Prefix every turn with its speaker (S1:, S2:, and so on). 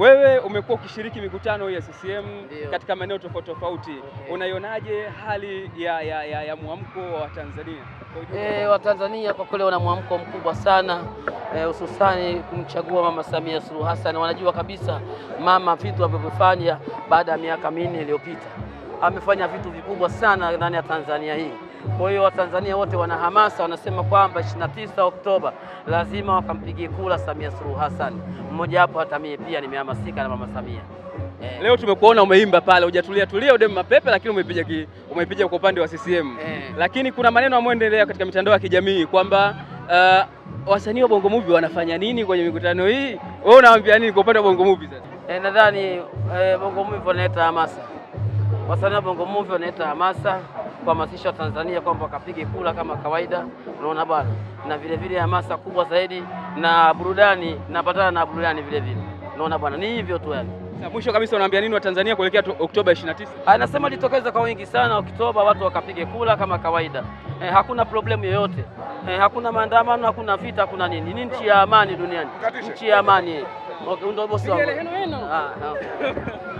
S1: Wewe umekuwa ukishiriki mikutano ya CCM Ndiyo. katika maeneo tofauti tofauti okay. Unaionaje hali ya, ya, ya, ya mwamko wa Tanzania?
S2: E, eh, Watanzania kwa kweli wana mwamko mkubwa sana eh, hususani e, kumchagua Mama Samia Suluhu Hassan. Wanajua kabisa mama vitu alivyofanya baada ya miaka minne iliyopita, amefanya vitu vikubwa sana ndani ya Tanzania hii. Kwa hiyo Watanzania wote wana hamasa, wanasema kwamba 29 Oktoba lazima wakampigie kura Samia Suluhu Hassan. Mmoja hapo hata mimi pia nimehamasika na mama Samia.
S1: Eh. Leo tumekuona umeimba pale, hujatulia tulia udemu mapepe, lakini umepiga umepiga kwa upande wa CCM eh. Lakini kuna maneno ameendelea katika mitandao ya kijamii kwamba uh, wasanii wa Bongo Movie wanafanya nini kwenye mikutano hii? Wewe unawaambia nini kwa upande wa Bongo Movie sasa?
S2: Eh, nadhani eh, Bongo Movie wanaleta hamasa, wasanii wa Bongo Movie wanaleta hamasa kuhamasisha Watanzania kwamba wakapige kura kama kawaida, unaona bwana, na vile vile hamasa kubwa zaidi na burudani, napatana na burudani vile vile, unaona bwana, ni hivyo tu yani.
S1: Mwisho kabisa unaambia nini Watanzania kuelekea Oktoba 29?
S2: Anasema ah, jitokeza kwa wingi sana Oktoba, watu wakapige kura kama kawaida eh, hakuna problemu yoyote eh, hakuna maandamano, hakuna vita, hakuna nini. Ni nchi ya amani duniani, nchi ya amani. ndio bosi wangu.
S1: Ah,